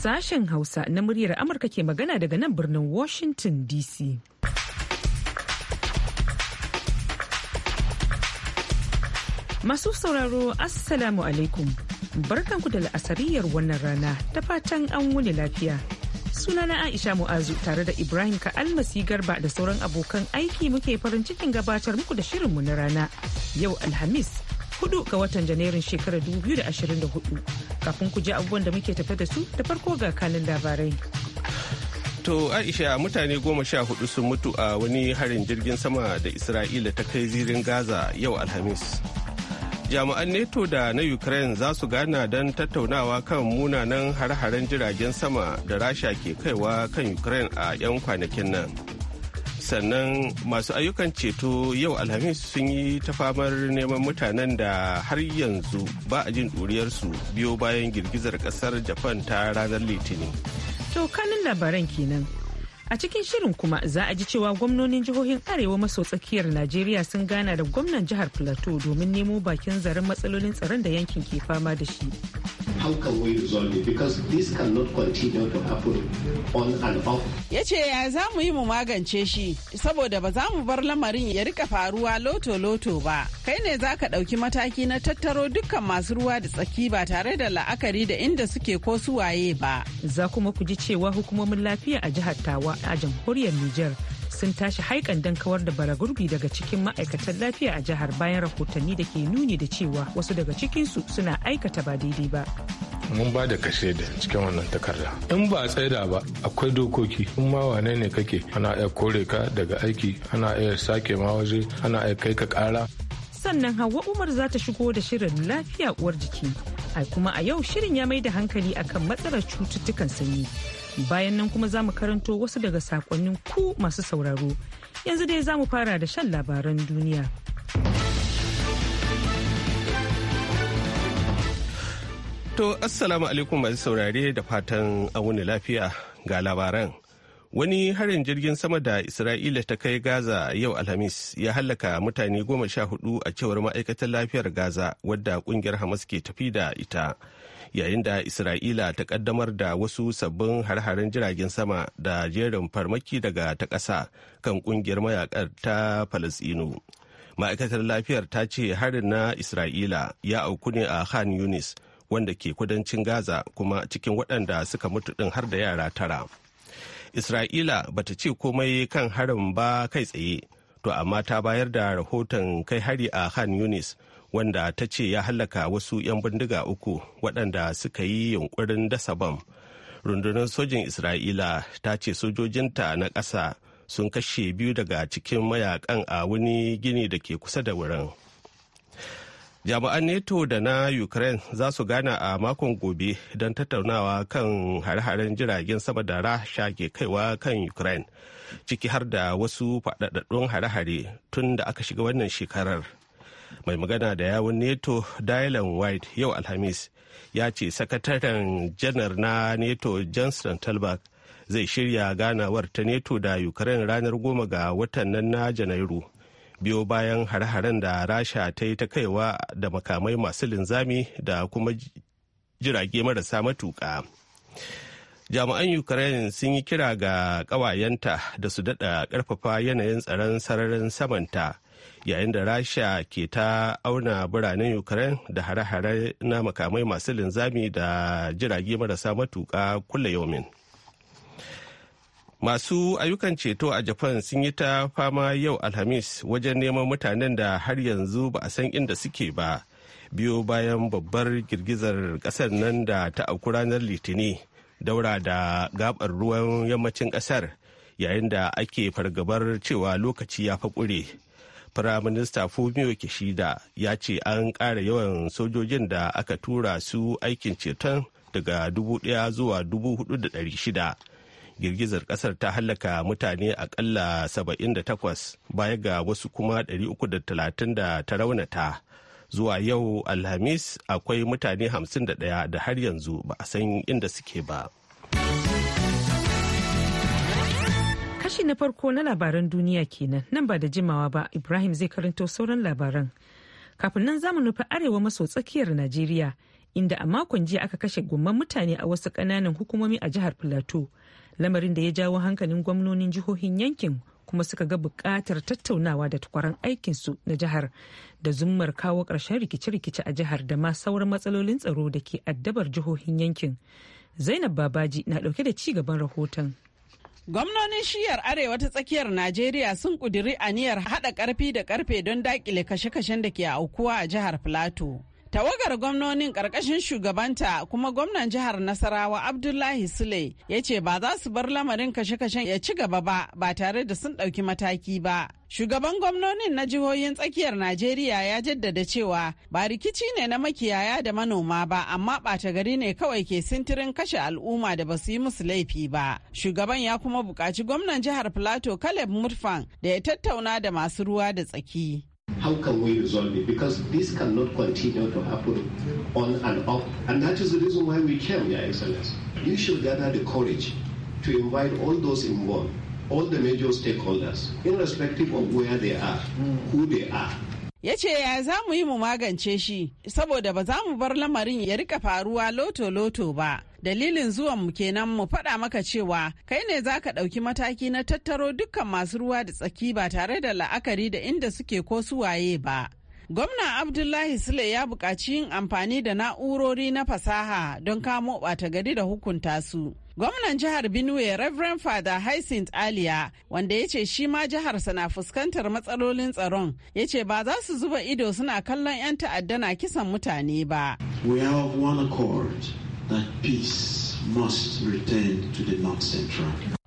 Sashen Hausa na muryar Amurka ke magana daga nan birnin Washington DC. Masu sauraro Assalamu alaikum. Barkanku da la'asariyar wannan rana ta fatan an wuni lafiya. Sunana Aisha Mu'azu tare da Ibrahim Ka'almasi Garba da sauran abokan aiki muke farin cikin gabatar muku da shirinmu na rana. Yau Alhamis hudu ga watan janairun shekarar 2024 kafin ku je abubuwan da muke tafe da su da farko ga kanin labarai. To Aisha mutane goma sha hudu sun mutu a wani harin jirgin sama da Isra'ila ta kai zirin Gaza yau Alhamis. Jami'an NATO da na Ukraine za su gana don tattaunawa kan munanan har-haren jiragen sama da Rasha ke kaiwa kan Ukraine a 'yan kwanakin nan. sannan masu ayyukan ceto yau alhamis sun yi ta famar neman mutanen da har yanzu ba a jin ɗuriyarsu biyo bayan girgizar ƙasar japan ta ranar litinin to kanin labaran kenan A cikin shirin kuma za a ji cewa gwamnonin jihohin Arewa maso tsakiyar Najeriya sun gana da gwamnan jihar Plateau domin nemo bakin zaren matsalolin tsaron da yankin ke fama da shi. How can we resolve Because this cannot continue to happen on and off. Ya ce ya za mu yi mu magance shi saboda ba za mu bar lamarin ya rika faruwa loto-loto ba. Kai ne za ka ɗauki mataki na tattaro dukkan masu ruwa da tsaki ba tare da la'akari da inda suke ko suwaye ba. Za kuma ku ji cewa hukumomin lafiya a jihar Tawa a jamhuriyar Nijar sun tashi haikan don kawar da baragurbi daga cikin ma'aikatan lafiya a jihar bayan rahotanni da ke nuni da cewa wasu daga cikinsu suna aikata ba daidai ba. mun ba da kashe da cikin wannan takarda in ba a tsaida ba akwai dokoki in ma wane ne kake ana iya kore ka daga aiki ana iya sake ma waje ana iya kai ka kara sannan hawa umar za ta shigo da shirin lafiya uwar jiki ai kuma a yau shirin ya mai da hankali akan matsalar cututtukan sanyi bayan nan kuma za mu karanto wasu daga sakonnin ku masu sauraro yanzu dai za mu fara da shan labaran duniya to assalamu alaikum masu saurare da fatan wuni lafiya ga labaran wani harin jirgin sama da isra'ila ta kai gaza yau alhamis ya hallaka mutane goma sha hudu a cewar ma'aikatar lafiyar gaza wadda kungiyar hamas ke tafi da ita yayin da isra'ila ta kaddamar da wasu sabbin har-haren jiragen sama da jerin farmaki daga ta ƙasa kan kungiyar mayakar ta falasino ma'aikatar lafiyar ta ce harin na isra'ila ya auku ne a khan yunis wanda ke kudancin gaza kuma cikin waɗanda suka mutu ɗin har da yara tara isra'ila bata ce komai kan harin ba kai tsaye to amma ta bayar da rahoton kai hari a khan yunis wanda ta ce ya hallaka wasu 'yan bindiga uku waɗanda suka yi yunkurin dasa bam rundunar sojin isra'ila ta ce sojojinta na ƙasa sun kashe biyu daga cikin mayakan a wani gini da ke kusa da wurin jami'an neto da na ukraine za su gana a makon gobe don tattaunawa kan hare-haren jiragen sama da rasha ke kaiwa kan ukraine ciki har da wasu faɗaɗɗun hare-hare tun da aka shiga wannan shekarar mai magana da yawun neto dylan white yau alhamis ya ce sakataren janar na neto johnston talbak zai shirya ganawar ta neto da ukraine ranar goma ga watan nan na janairu biyo bayan hare-haren da rasha ta yi ta kaiwa da makamai masu linzami da kuma jirage marasa matuƙa jami'an ukraine sun yi kira ga ƙawayenta da su daɗa ƙarfafa yanayin tsaron sararin samanta yayin da rasha ke ta auna biranen ukraine da hare-hare na makamai masu linzami da jirage marasa matuka kulle yomin masu ayyukan ceto a japan sun yi ta fama yau alhamis wajen neman mutanen da har yanzu ba a san inda suke ba biyo bayan babbar girgizar kasar nan da ta auku ranar litini daura da gabar ruwan yammacin kasar yayin da ake fargabar cewa lokaci ya fa Firaminista Fumio Kishida ya ce an ƙara yawan sojojin da aka tura su aikin ceton daga ɗaya zuwa shida. Girgizar kasar ta hallaka mutane aƙalla 78 baya ga wasu kuma 330 da ta raunata. Zuwa yau Alhamis akwai mutane 51 da har yanzu ba a san inda suke ba. Kashi na farko na labaran duniya kenan nan ba da jimawa ba Ibrahim zai karanto sauran labaran. Kafin nan zamu nufi arewa maso tsakiyar Najeriya inda a makon jiya aka kashe gomman mutane a wasu ƙananan hukumomi a jihar Filato. Lamarin da ya jawo hankalin gwamnonin jihohin yankin kuma suka ga buƙatar tattaunawa da tukwaran aikinsu na jihar da zummar kawo ƙarshen rikice-rikice a jihar da ma sauran matsalolin tsaro da ke addabar jihohin yankin. Zainab Babaji na ɗauke da ci gaban rahoton. Gwamnonin shiyar Arewa ta tsakiyar Najeriya sun ƙudiri aniyar haɗa ƙarfi da ƙarfe don dakile kashe-kashen da ke aukuwa a jihar Filato. Tawagar gwamnonin ƙarƙashin shugabanta kuma gwamnan jihar Nasarawa Abdullahi Sule ya ce ba za su bar lamarin kashe-kashen ya ci gaba ba ba tare da sun ɗauki mataki ba. Shugaban gwamnonin na jihohin tsakiyar Najeriya ya jaddada cewa ba rikici ne na makiyaya da manoma ba amma ɓata gari ne kawai ke sintirin kashe al'umma da ba su yi musu laifi ba. Shugaban ya kuma buƙaci gwamnan jihar Plateau Caleb Mutfan da ya tattauna da masu ruwa da tsaki. How can we resolve it? Because this cannot continue to happen on and off. And that is the reason why we came, Your Excellency. You should gather the courage to invite all those involved, all the major stakeholders, irrespective of where they are, who they are, ya ce ya za mu yi mu magance shi saboda ba za mu bar lamarin ya rika faruwa loto-loto ba dalilin zuwan mu kenan mu faɗa maka cewa kai ne za ka ɗauki mataki na tattaro dukkan masu ruwa da tsaki ba tare da la'akari da inda suke ko su waye ba gwamna abdullahi sule ya buƙaci yin amfani da na'urori na fasaha don kamo ɓata gari da hukunta su Gwamnan jihar Benue Reverend Father Hyacinth Aliya wanda ya ce shi ma jiharsa na fuskantar matsalolin tsaron ya ce ba za su zuba ido suna kallon 'yan ta'adda na kisan mutane ba. We have one accord that peace must return to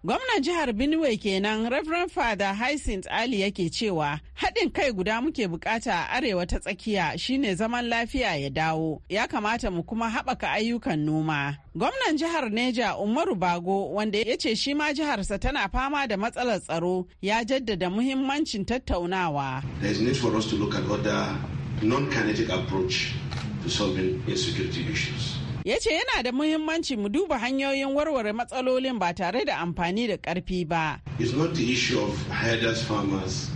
Gwamnan jihar Benue kenan Reverend Father Hyacinth Ali yake cewa haɗin kai guda muke bukata a arewa ta tsakiya shine zaman lafiya ya dawo. Ya kamata mu kuma haɓaka ayyukan noma. Gwamnan jihar Neja Umaru Bago wanda ya ce shi ma jiharsa tana fama da matsalar tsaro ya jaddada muhimmancin tattaunawa. There is need for us to look at other non-kinetic approach to solving insecurity issues. ya ce yana da muhimmanci mu duba hanyoyin warware matsalolin ba tare da amfani da karfi ba. It's not the issue of herders farmers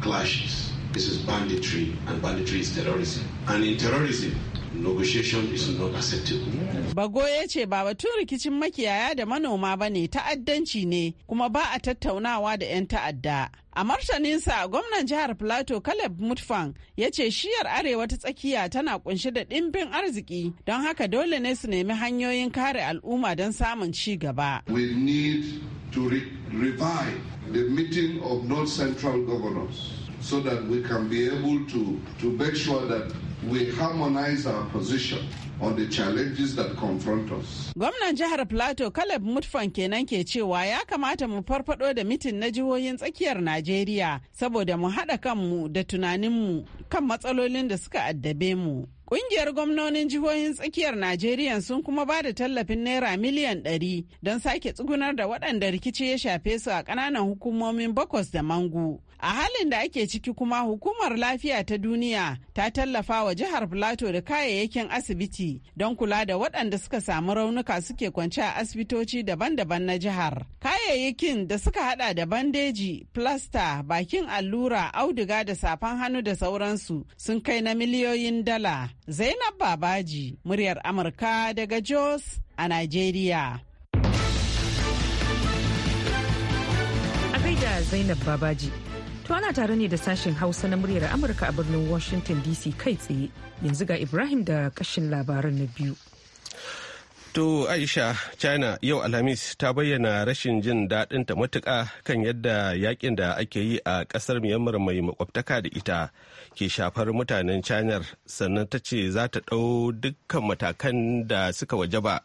clashes. This is banditry and banditry is terrorism. And in terrorism, negotiation is not acceptable. Bago ya ce ba batun rikicin makiyaya da manoma ba ne ta'addanci ne kuma ba a tattaunawa da 'yan ta'adda. A martaninsa gwamnan jihar Plateau Caleb Mutfan ya ce shiyar arewa ta tsakiya tana kunshe da ɗimbin arziki don haka dole ne su nemi hanyoyin kare al'umma don samun ci gaba. We need to re revive the meeting of North Central governors so that we can be able to, to make sure that we harmonize our position on the challenges that confront us. Gwamnan jihar Plateau Caleb Mutfan kenan ke cewa ya kamata mu farfado da mitin na jihohin tsakiyar Najeriya saboda mu haɗa kanmu da tunaninmu kan matsalolin da suka addabe mu. Ƙungiyar gwamnonin jihohin tsakiyar Najeriya sun kuma ba da tallafin naira miliyan ɗari don sake tsugunar da waɗanda rikici ya shafe su a ƙananan hukumomin bakwas da mangu. A halin da ake ciki kuma hukumar lafiya ta duniya ta tallafa wa jihar Filato da kayayyakin asibiti don kula da waɗanda suka samu raunuka suke kwance a asibitoci daban-daban na jihar. Kayayyakin da suka hada da bandeji, plasta, bakin allura, auduga da safan hannu da sauransu sun kai na miliyoyin dala. Zainab Babaji, muryar Amurka daga Jos a Najeriya. Zainab Babaji. To ana tare ne da sashen Hausa na muryar Amurka a birnin Washington DC kai tsaye. Yanzu ga Ibrahim da kashin labaran na biyu. To Aisha, China yau Alhamis ta bayyana rashin jin daɗinta matuƙa kan yadda yakin da ake yi a ƙasar Myanmar mai makwabtaka da ita ke shafar mutanen China sannan ta ce za ta ɗau dukkan matakan da suka wajaba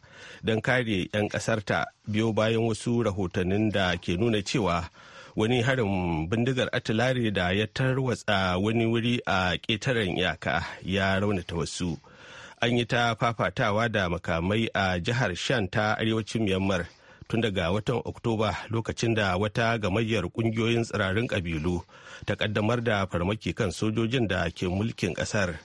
don kare 'yan ƙasarta biyo bayan wasu rahotannin da ke nuna cewa wani harin bindigar atilare da ya tarwatsa wani wuri a ƙetaren iyaka ya raunata wasu an yi ta fafatawa da makamai a jihar shan ta arewacin myanmar tun daga watan oktoba lokacin da wata gamayyar kungiyoyin tsirarin kabilu ta kaddamar da farmaki kan sojojin da ke mulkin kasar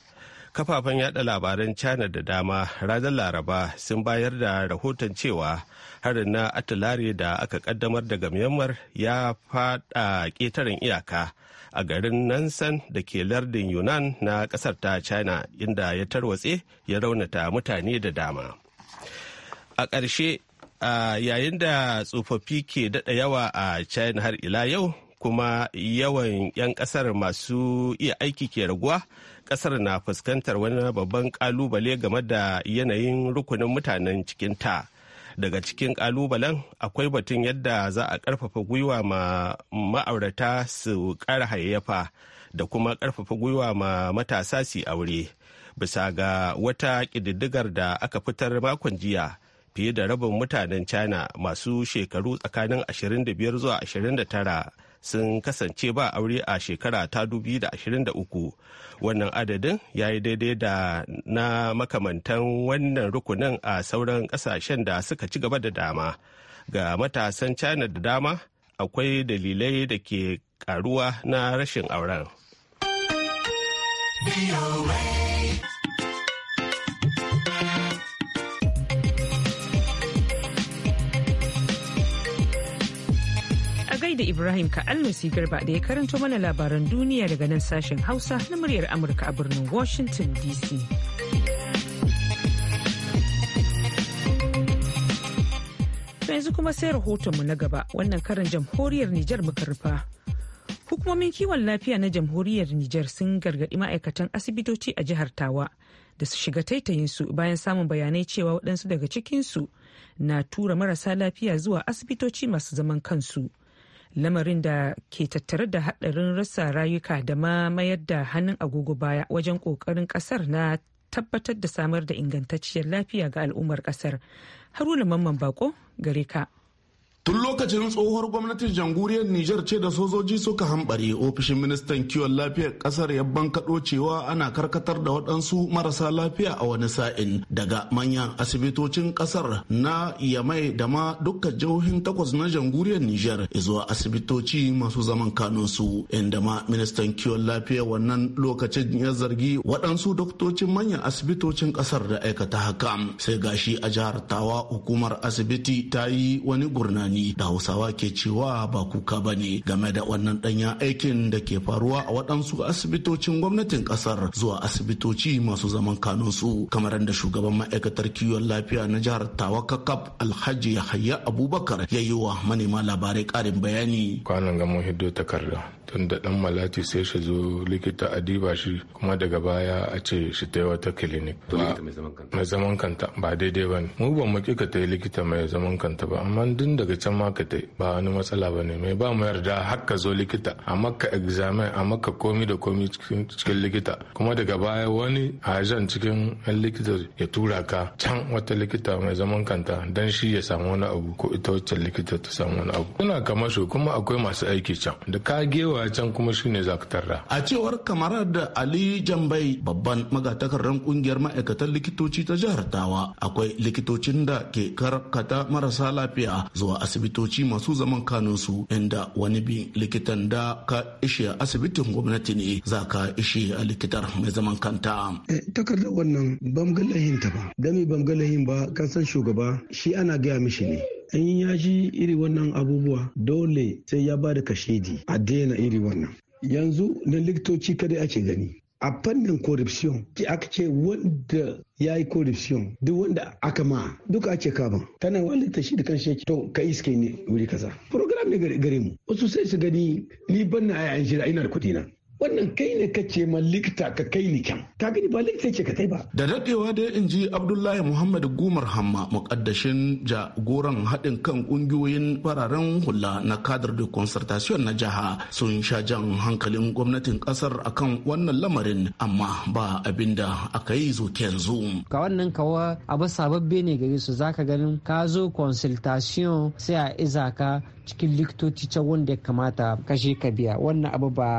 kafafen yada labaran china da dama ranar laraba sun bayar da rahoton cewa harin na atalari da aka kaddamar daga myanmar ya fada ƙetaren iyaka a garin nansan da ke lardin yunan na kasar ta china inda ya tarwatse ya raunata mutane da dama a ƙarshe yayin da tsofaffi ke daɗa yawa a china har ila yau kuma yawan 'yan ƙasar masu iya aiki ke raguwa kasar na fuskantar wani babban kalubale game da yanayin rukunin mutanen cikinta daga cikin kalubalen akwai batun yadda za a karfafa gwiwa ma ma'aurata su kara hayayyafa da kuma karfafa gwiwa ma matasa su aure bisa ga wata ƙididdigar da aka fitar makon jiya fiye da rabin mutanen china masu shekaru tsakanin 25 zuwa 29 sun kasance ba aure a shekara ta 2023 wannan adadin ya yi daidai da na makamantan wannan rukunin a sauran kasashen da suka ci gaba da dama ga matasan china da dama akwai dalilai da ke karuwa na rashin auren. da Ibrahim Ka'almasi Garba da ya karanto mana labaran duniya daga nan sashen Hausa na muryar Amurka a birnin Washington DC. yanzu kuma sai rahotonmu na gaba wannan karan jamhuriyar Nijar muka rufa. Hukumomin kiwon lafiya na jamhuriyar Nijar sun gargaɗi ma'aikatan asibitoci a jihar Tawa da su shiga taitayinsu bayan samun bayanai cewa waɗansu daga cikinsu na tura marasa lafiya zuwa asibitoci masu zaman kansu. lamarin da ke tattare da haɗarin rasa rayuka da ma mayar da hannun agogo baya wajen ƙoƙarin ƙasar na tabbatar da samar da ingantacciyar lafiya ga al'ummar ƙasar haruna mamman bako gare ka Tun lokacin tsohuwar gwamnatin jamhuriyar Nijar ce da sojoji suka hambare ofishin ministan kiwon lafiyar kasar ya kaɗo cewa ana karkatar da waɗansu marasa lafiya a wani sa'in daga manyan asibitocin kasar na Yamai da ma dukkan jihohin takwas na jamhuriyar Nijar zuwa asibitoci masu zaman kanunsu inda ma ministan kiwon lafiya wannan lokacin ya zargi waɗansu doktocin manyan asibitocin kasar da aikata haka sai gashi a jihar Tawa hukumar asibiti ta yi wani gurnani yi da hausawa ke cewa ba kuka ba ne game da wannan danya aikin da ke faruwa a waɗansu asibitocin gwamnatin ƙasar zuwa asibitoci masu zaman kanunsu kamar da shugaban ma'aikatar kiwon lafiya na jihar tawakakab alhaji yahaya abubakar ya yi wa manema labarai karin bayani kwanan gamo hiddo takarda tun da dan malati sai shi zo likita a diba shi kuma daga baya a ce shi ta wata clinic mai zaman kanta ba daidai ba ne mu ban mu kika ta likita mai zaman kanta ba amma din daga can ma ka tai ba wani matsala ba ne mai ba mu yarda har ka zo likita a maka examen a maka komi da komi cikin likita kuma daga baya wani ajan cikin yan likita ya tura ka can wata likita mai zaman kanta dan shi ya samu wani abu ko ita wacce likita ta samu wani abu suna kamar su kuma akwai masu aiki can da ka gewa can kuma shine za ka tarra a cewar kamar da ali jambai babban magatakardan kungiyar ma'aikatan likitoci ta jihar tawa akwai likitocin da ke karkata marasa lafiya zuwa asibitoci masu zaman su inda wani bin likitan da ka ishe asibitin gwamnati ne za ka ishe a likitar mai zaman kanta. Eh, takardar wannan bamgalahin ta ba da mai bamgalahin ba kan san shugaba shi ana gaya mishi ne in ya ji iri wannan abubuwa dole sai ya ba da kashedi a daina iri wannan yanzu na likitoci kadai ake gani a fannin corruption ki aka ce wanda ya yi corruption duk wanda aka ma duka ake kama tana walita shi da kan shi to ka iske ne wuri kaza program ne gare mu wasu sai su gani ni ban na ayan shi ina da kuɗi na wannan kai ne ka ce ma ka kai ni kyan ka gani ba likita ce ka kai ba da dadewa da in ji abdullahi muhammad gumar hamma mukaddashin jagoran haɗin kan ƙungiyoyin fararen hula na kadar da concertation na jiha sun sha jan hankalin gwamnatin ƙasar akan wannan lamarin amma ba abin da aka yi zo yanzu ka wannan kawa abu sababbe ne gare su zaka ganin ka zo consultation sai a iza ka cikin likitoci can wanda ya kamata kashe ka biya wannan abu ba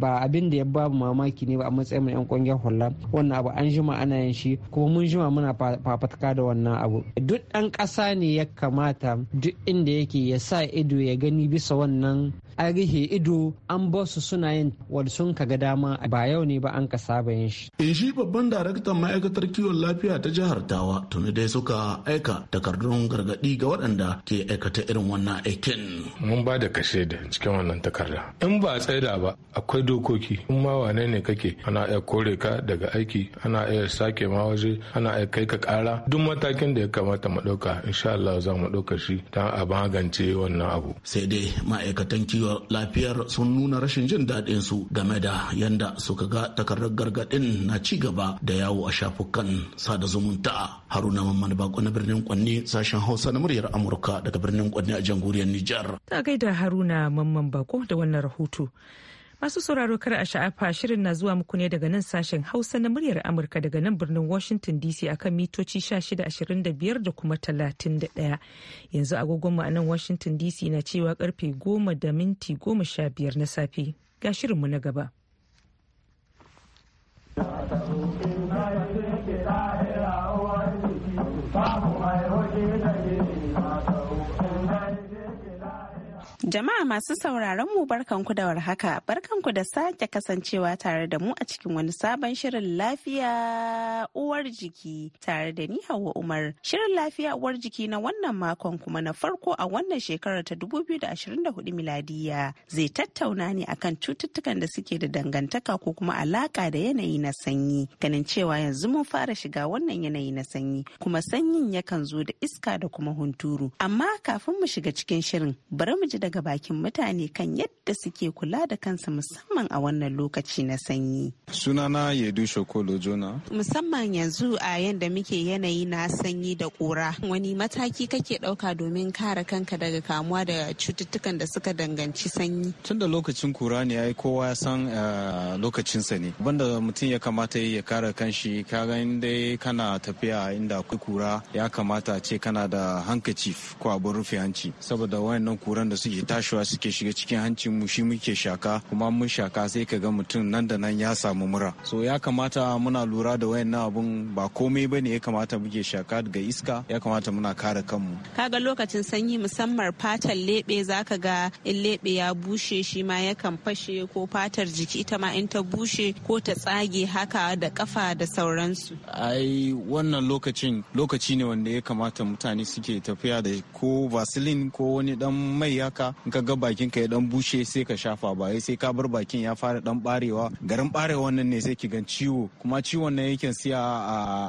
ba abin da ya babu mamaki ne ba a matsayin mai yan kungiyar hula wannan abu an jima ana yin shi kuma mun jima muna fafatka da wannan abu duk dan ƙasa ne ya kamata duk inda yake ya sa ido ya gani bisa wannan arihi ido an ba su suna yin wadda sun kaga dama ba yau ne ba an ka saba yin shi. In shi babban daraktan ma'aikatar kiwon lafiya ta jihar Tawa tuni dai suka aika takardun gargaɗi ga waɗanda ke aikata irin wannan aikin. Mun ba da kashe da cikin wannan takarda. In ba a tsaida ba akwai dokoki in ma wane ne kake ana iya kore ka daga aiki ana iya sake ma waje ana iya kai ka ƙara duk matakin da ya kamata mu ɗauka insha Allah za mu ɗauka shi don a magance wannan abu. Sai dai ma'aikatan kiwon lafiyar sun nuna rashin jin daɗin su game da yanda suka ga takardar gargaɗin na ci gaba da yawo a shafukan sada zumunta haruna mamman bako na birnin kwanne sashen hausa na muryar amurka daga birnin kwanne a jamhuriyar nijar ta gaida haruna mamman bako da wannan rahoto Masu sauraro kar a sha'afa shirin na zuwa muku ne daga nan sashen Hausa na muryar Amurka daga nan birnin Washington DC akan mitoci shida ashirin da biyar da kuma talatin da 31. Yanzu agogonmu a nan Washington DC na cewa karfe 10 da minti 15 na safe. Ga shirinmu na gaba. Jama'a masu sauraron mu barkanku da warhaka, barkanku da sake kasancewa tare da mu a cikin wani sabon shirin lafiya uwar jiki tare da ni Hauwa Umar. Shirin lafiya uwar jiki na wannan makon kuma na farko a wannan shekarar ta 2024 miladiya zai tattauna ne akan cututtukan da suke da dangantaka ko kuma alaka da yanayi na sanyi. Ganin cewa yanzu mun fara shiga wannan yanayi na sanyi kuma sanyin yakan zo da iska da kuma hunturu. Amma kafin mu shiga cikin shirin bari mu ji daga bakin mutane kan yadda suke kula da kansa musamman a wannan lokaci na sanyi. Sunana Yedu Shokolo Jona. Musamman yanzu a yanda muke yanayi na sanyi da ƙura. Wani mataki kake ɗauka domin kare kanka daga kamuwa da cututtukan da suka danganci sanyi? Tun da lokacin kura ne ai kowa ya san eh, lokacin sa ne. Banda mutum ya kamata ya kare kanshi kaga dai kana tafiya inda kura ya kamata ce kana da hankaci ko abin rufe hanci saboda wayannan kuran da suke suke tashiwa suke shiga cikin hancin mu shi muke shaka kuma mun shaka sai ka ga mutum nan da nan ya samu mura so ya kamata muna lura da wayannan abun ba komai ba ne ya kamata muke shaka daga iska ya kamata muna kare kanmu kaga lokacin sanyi musamman fatar lebe zaka ga in lebe ya bushe shi ma yakan fashe ko fatar jiki ita ma in ta bushe ko ta tsage haka da kafa da sauransu ai wannan lokacin lokaci ne wanda ya kamata mutane suke tafiya da ko vaseline ko wani dan mai ya haka in ka ga bakin ka ya dan bushe sai ka shafa ba sai ka bar bakin ya fara dan barewa garin barewa wannan ne sai ki gan ciwo kuma ciwon nan yake siya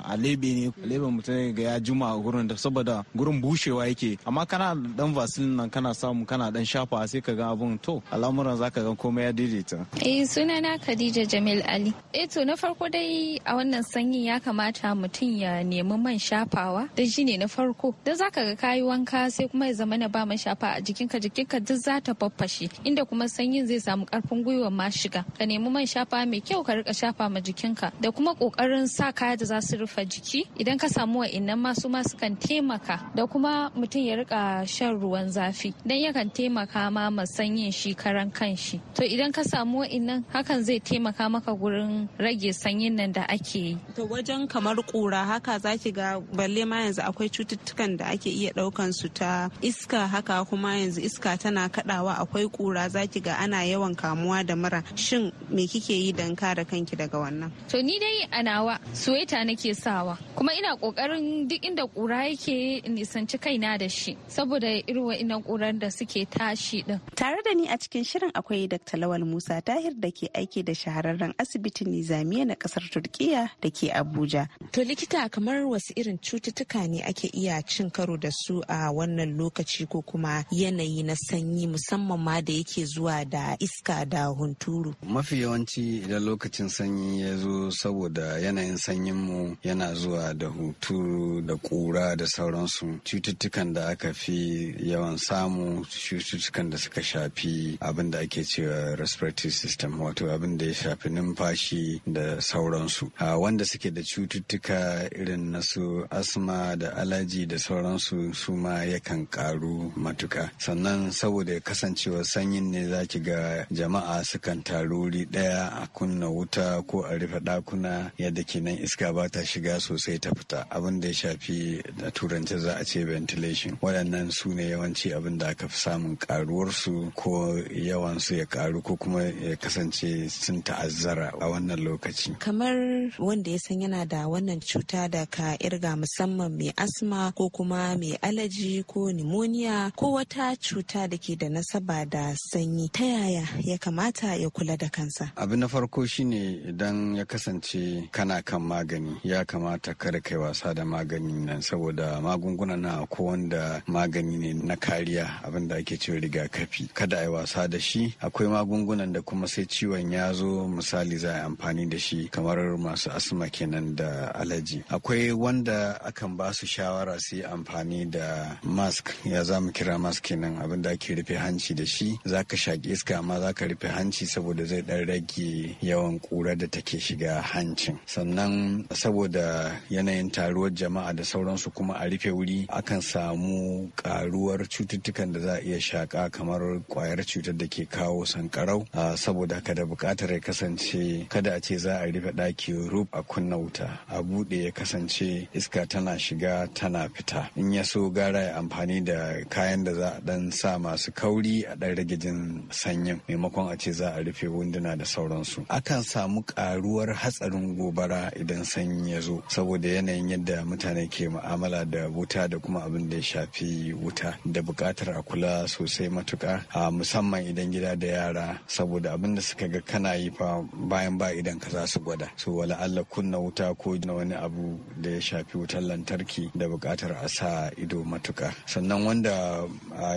a lebe ne lebe mutum ga ya juma a gurin da saboda gurin bushewa yake amma kana dan vaseline nan kana samu kana dan shafa sai ka ga abun to al'amuran zaka ga komai ya daidaita eh sunana Khadija Jamil Ali eh to na farko dai a wannan sanyi ya kamata mutum ya nemi man shafawa da shine na farko dan zaka ga kayi wanka sai kuma ya zama na ba man shafa a jikinka jikinka duk za ta faffashe inda kuma sanyin zai samu karfin gwiwa ma shiga ka nemi man shafa mai kyau ka rika shafa ma jikinka da kuma kokarin sa kaya da za su rufe jiki idan ka samu wa'innan masu ma kan taimaka da kuma mutum ya rika shan ruwan zafi dan yakan taimaka ma ma sanyin shi karan shi to idan ka samu inan hakan zai taimaka maka gurin rage sanyin nan da ake yi to wajen kamar kura haka zaki ga balle ma yanzu akwai cututtukan da ake iya daukan su ta iska haka kuma yanzu iska iska tana kadawa akwai kura zaki ga ana yawan kamuwa da mura shin me kike yi dan kare kanki daga wannan to ni dai a nawa suweta nake sawa kuma ina kokarin duk inda kura yake nisanci kaina da shi saboda irin wa'innan kuran da suke tashi din tare da ni a cikin shirin akwai dr lawal musa tahir da ke aiki da shahararren asibitin nizamiya na kasar turkiya da ke abuja to likita kamar wasu irin cututtuka ne ake iya cin karo da su a wannan lokaci ko kuma yanayi na na sanyi musamman ma da yake zuwa da iska da hunturu mafi yawanci idan lokacin sanyi ya zo saboda yanayin sanyin mu yana zuwa da hunturu da kura da sauransu cututtukan da aka fi yawan samu cututtukan da suka shafi abin da ake cewa respiratory system wato abin da ya shafi numfashi da sauransu wanda suke da cututtuka irin na su asma da alaji da sauransu su ma yakan karu matuka sannan saboda kasancewa sanyin ne za ki ga jama'a sukan taru wuri ɗaya a kunna wuta ko a rufe ɗakuna yadda kenan iska ba ta shiga sosai ta fita abin da ya shafi da turanci za a ce ventilation waɗannan su ne yawanci abin da aka fi samun karuwarsu ko yawansu ya karu ko kuma ya kasance sun ta'azzara a wannan lokaci kamar wanda ya san yana da wannan cuta da ka irga musamman mai asma ko kuma mai alaji ko nimoniya ko wata cuta mata da ke da nasaba da sanyi ta yaya ya kamata ya kula da kansa abin na farko shine idan ya kasance kana kan magani ya kamata kada kai wasa da magani nan saboda magunguna na ko wanda magani ne na kariya abin da ake cewa rigakafi kada a wasa da shi akwai magungunan da kuma sai ciwon ya zo misali za a yi amfani da shi kamar masu asma kenan da alaji akwai wanda akan ba su shawara su yi amfani da mask ya za mu kira mask kenan abin wanda ake rufe hanci da shi za ka shaƙi iska amma za ka rufe hanci saboda zai ɗan rage yawan ƙura da take shiga hancin sannan saboda yanayin taruwar jama'a da sauransu kuma a rufe wuri akan samu ƙaruwar cututtukan da za a iya shaƙa kamar ƙwayar cutar da ke kawo sankarau saboda haka da buƙatar ya kasance kada a ce za a rufe ɗaki rub a kunna wuta a buɗe ya kasance iska tana shiga tana fita in ya so gara ya amfani da kayan da za a ɗan sa masu kauri a ɗan rage jin sanyin maimakon a ce za a rufe wunduna da sauransu akan samu ƙaruwar hatsarin gobara idan sanyi ya zo saboda yanayin yadda mutane ke mu'amala da wuta da kuma abin da ya shafi wuta da buƙatar a kula sosai matuƙa musamman idan gida da yara saboda abin da suka ga kana yi fa bayan ba idan ka za su gwada so wala Allah kunna wuta ko na wani abu da ya shafi wutar lantarki da buƙatar a sa ido matuƙa sannan wanda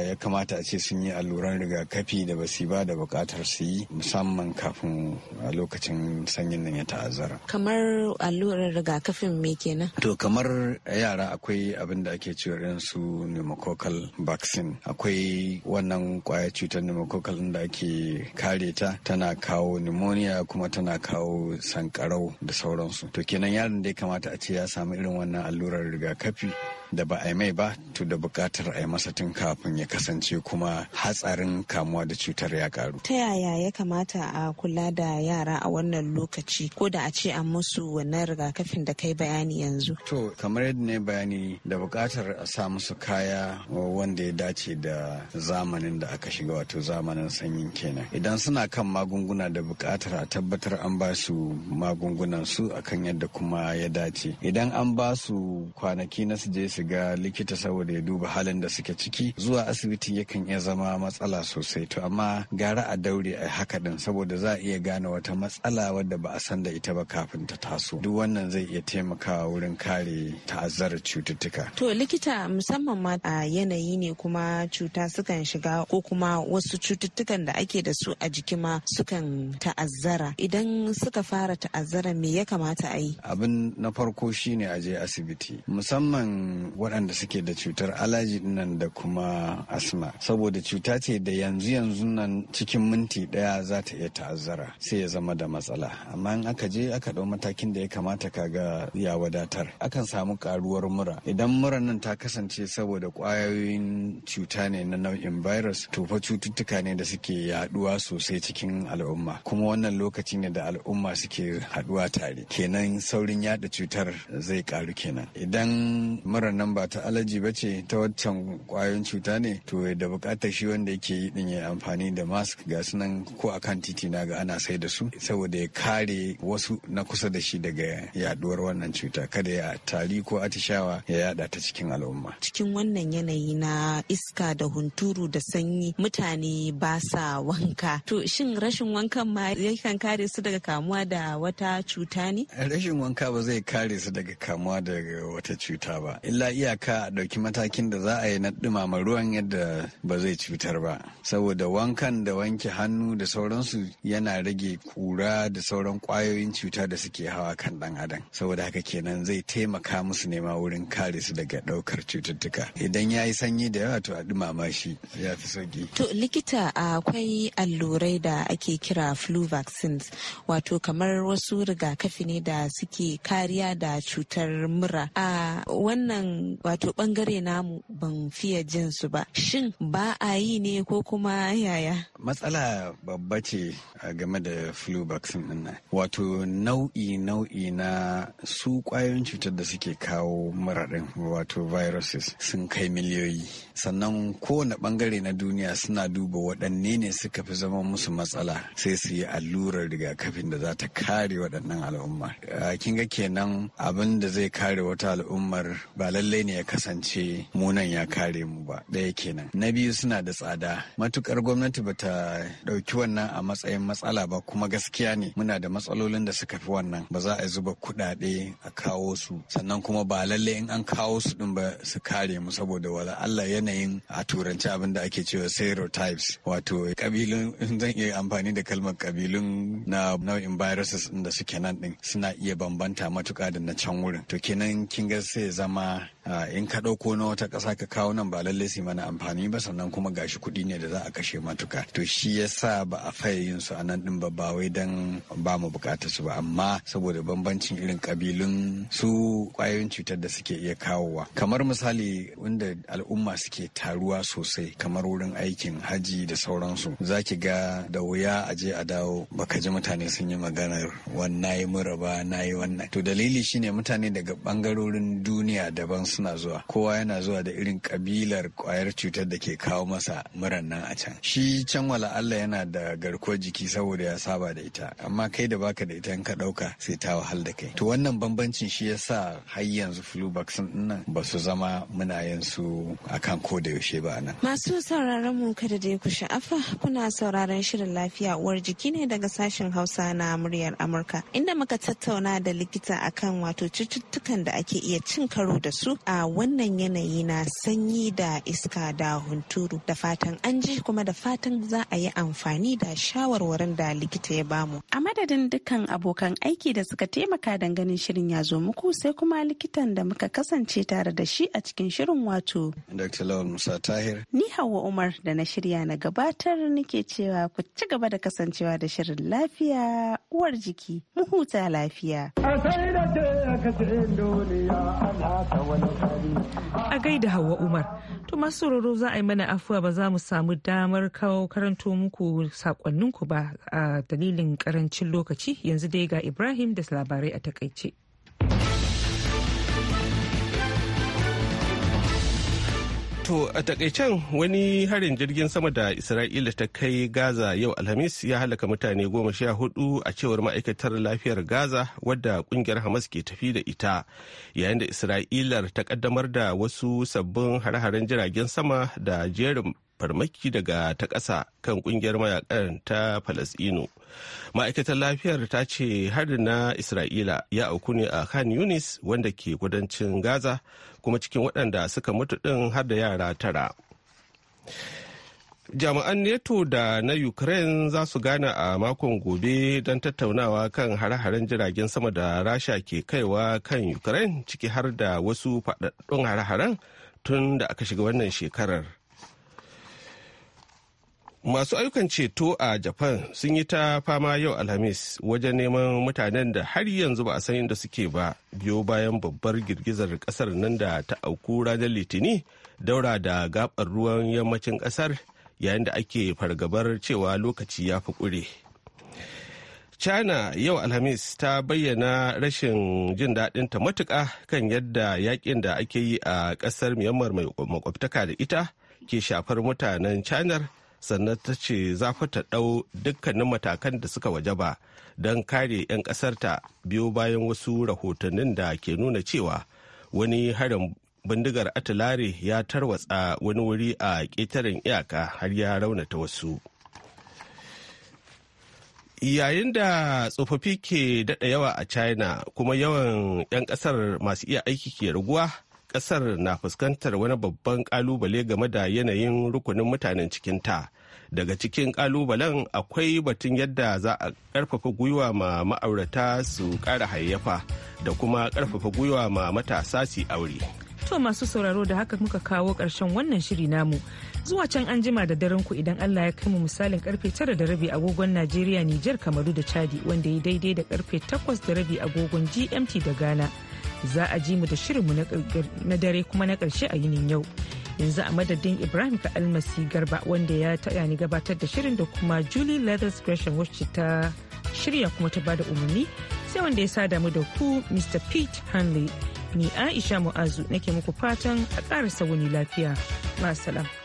ya kamata kamata a ce sun yi alluran rigakafi da basu ba da bukatar su yi musamman kafin a lokacin sanyin nan ya ta'azzara kamar allurar rigakafin me kenan to kamar yara akwai abin da ake cewa irin su pneumococcal vaccine akwai wannan kwayar cutar pneumococcal da ake kare ta tana kawo pneumonia kuma tana kawo sankarau da sauransu to kenan yaron da ya kamata a ce ya samu irin wannan allurar rigakafi da ba a yi mai ba to da bukatar a yi masa tun kafin ya kasance kuma hatsarin kamuwa da cutar ya karu. Ta yaya ya kamata a kula da yara a wannan lokaci ko da a ce an musu wannan rigakafin da kai bayani yanzu? To kamar yadda ne bayani da bukatar a sa musu kaya wanda ya dace da zamanin da aka shiga wato zamanin sanyin kenan. Idan suna kan magunguna da bukatar a tabbatar an ba su magungunan su akan yadda kuma ya dace. Idan an ba su kwanaki na su je su shiga likita saboda ya duba halin da suke ciki zuwa asibiti yakan iya zama matsala sosai to amma gara a daure a haka din saboda za a iya gane wata matsala wadda ba a san da ita ba kafin ta taso duk wannan zai iya taimakawa wurin kare ta'azzarar cututtuka. To likita musamman ma a yanayi ne kuma cuta sukan shiga ko kuma wasu cututtukan da ake da su a jiki ma sukan ta'azzara idan suka fara ta'azzara me ya kamata a yi? Abin na farko shine a je asibiti musamman waɗanda suke da cutar alaji nan da kuma asma saboda cuta ce da yanzu yanzu nan cikin minti ɗaya za ta iya ta'azzara sai ya zama da matsala amma in aka je aka ɗau matakin da ya kamata ka ga ya wadatar akan samu ƙaruwar mura idan mura nan ta kasance saboda ƙwayoyin cuta ne na nau'in virus to fa cututtuka ne da suke yaɗuwa sosai cikin al'umma kuma wannan lokaci ne da al'umma suke haɗuwa tare kenan saurin yaɗa cutar zai ƙaru kenan idan mura nan ba ta alaji ba ce ta waccan kwayoyin cuta ne to da bukatar shi wanda yake yi ɗin ya amfani da mask ga sunan ko akan titi na ga ana sai da su saboda ya kare wasu na kusa da shi daga yaduwar wannan cuta kada ya tari ko atishawa ya yada ta cikin al'umma cikin wannan yanayi na iska da hunturu da sanyi mutane ba sa wanka to shin rashin wankan ma yakan kare su daga kamuwa da wata cuta ne rashin wanka ba zai kare su daga kamuwa daga wata cuta ba illa illa iyaka a ɗauki matakin da za a yi na ɗumama ruwan yadda ba zai cutar ba saboda wankan da wanke hannu da sauransu yana rage kura da sauran kwayoyin cuta da suke hawa kan ɗan adam saboda haka kenan zai taimaka musu nema wurin kare su daga ɗaukar cututtuka idan ya yi sanyi da yawa to a ɗumama shi ya fi sauki. to likita akwai allurai da ake kira flu vaccines wato kamar wasu rigakafi ne da suke kariya da cutar mura a wannan wato bangare namu ban fiye jin su ba shin ba a yi ne ko kuma yaya matsala babba ce game da flu vaccine din nan wato nau'i nau'i na su kwayoyin cutar da suke kawo mura wato viruses sun kai miliyoyi sannan kowane bangare na duniya suna duba waɗanne ne suka fi zama musu matsala sai su yi allurar rigakafin da za ta kare waɗannan al'umma kin ga kenan abin da zai kare wata al'ummar ba lallai ne ya kasance munan ya kare mu ba ɗaya kenan na biyu suna da tsada matukar gwamnati bata Dauki wannan a matsayin matsala ba kuma gaskiya ne muna da matsalolin da suka fi wannan ba za a zuba kuɗaɗe a kawo su sannan kuma ba lalle in an kawo su din ba su kare mu saboda wala Allah yanayin a turanci abin da ake cewa stereotypes wato kabilun zan iya amfani da kalmar kabilun na nau'in viruses ɗin da suke nan din suna iya bambanta matuƙa da na can wurin to kenan kin ga sai zama Ah, in ka ɗauko na wata ƙasa ka kawo nan ba lallai su mana amfani ba sannan kuma gashi kuɗi ne da za a kashe matuka to shi yasa ba a faye yin su a nan ɗin ba ba wai dan ba mu buƙatar su ba amma saboda bambancin irin ƙabilun su ƙwayoyin cutar da suke iya kawowa kamar misali wanda al'umma suke taruwa sosai kamar wurin aikin hajji da sauransu za ki ga da wuya a je a dawo baka ji mutane sun yi maganar wannan yi mura ba na yi wannan to dalili shine mutane daga ɓangarorin duniya daban suna zuwa kowa yana zuwa da irin kabilar kwayar cutar da ke kawo masa muran nan a can shi can wala Allah yana da garkuwar jiki saboda ya saba da ita amma kai da baka da ita in ka dauka sai ta wahal da kai to wannan bambancin shi yasa har yanzu flu vaccine din nan ba su zama muna yin su akan ko da yaushe ba nan masu sauraron mu kada da ku sha'afa kuna sauraron shirin lafiya uwar jiki ne daga sashen Hausa na muryar Amurka inda muka tattauna da likita akan wato cututtukan da ake iya cin karo da su a wannan yanayi na sanyi da iska da hunturu da fatan an ji kuma da fatan za a yi amfani da shawarwarin da likita ya bamu. A madadin dukkan abokan aiki da suka taimaka ganin shirin ya zo muku sai kuma likitan da muka kasance tare da shi a cikin shirin wato. Dr. Lawal Musa Tahir. Ni Hauwa Umar da na shirya na gabatar nake cewa ku ci gaba da kasancewa da shirin lafiya uwar jiki mu huta lafiya. A sai da ce ana ta wani a gaida hawa umar to masu sauraro za a yi mana afuwa ba za mu samu damar kawo karanto muku sakonninku ba a dalilin karancin lokaci yanzu dai ga ibrahim da labarai a takaice To a takaicen wani harin jirgin sama da Isra'ila ta kai Gaza yau Alhamis ya halaka mutane goma sha hudu a cewar ma'aikatar lafiyar Gaza wadda kungiyar Hamas ke tafi da ita yayin da isra'ila ta kaddamar da wasu sabbin hare-haren jiragen sama da jerin farmaki daga ta ƙasa kan kungiyar mayakan ta Falasino. Ma'aikatar lafiyar ta ce harin na Isra'ila ya auku ne a Khan Yunis wanda ke kudancin Gaza kuma cikin waɗanda suka mutu ɗin har da yara tara jami'an neto da na ukraine za su gana a makon gobe don tattaunawa kan hare-haren jiragen sama da rasha ke kaiwa kan ukraine ciki har da wasu faɗaɗɗun hare-haren tun da aka shiga wannan shekarar Masu ayyukan ceto a Japan sun yi ta fama yau Alhamis wajen neman mutanen da har yanzu ba a san inda suke ba biyo bayan babbar girgizar kasar nan da ta auku ranar Litini daura da gabar ruwan yammacin kasar yayin da ake fargabar cewa lokaci ya fi ƙure. China yau Alhamis ta bayyana rashin jin daɗinta matuƙa kan yadda yakin da ake yi a ƙasar Myanmar mai makwabtaka da ita ke shafar mutanen China. sannan ta ce za ta ɗau dukkanin matakan da suka wajaba don kare 'yan ƙasarta biyo bayan wasu rahotannin da ke nuna cewa wani harin bindigar atilare ya tarwatsa wani wuri a ƙetaren iyaka har ya raunata wasu yayin da tsofaffi ke daɗa yawa a china kuma yawan 'yan ƙasar masu iya aiki ke raguwa kasar na fuskantar wani babban kalubale game da yanayin rukunin mutanen cikinta daga cikin kalubalen akwai batun yadda za a karfafa gwiwa ma ma'aurata su kara hayayyafa da kuma karfafa gwiwa ma matasa su aure To masu sauraro da haka muka kawo ƙarshen wannan shiri namu. Zuwa can an jima da daren ku idan Allah ya kai mu misalin karfe tara da rabi agogon Najeriya, Nijar, Kamaru da Chadi wanda ya daidai da karfe takwas da rabi agogon GMT da Ghana. za a ji mu da shirinmu na dare kuma na ƙarshe a yinin yau yanzu a madadin ibrahim ka almasi garba wanda ya taya ni gabatar da shirin da kuma julie leathers gresham wacce ta shirya kuma ta bada umarni sai wanda ya sada mu da ku mr pete hanley ni aisha mu'azu nake muku fatan a karasa wani lafiya masalam.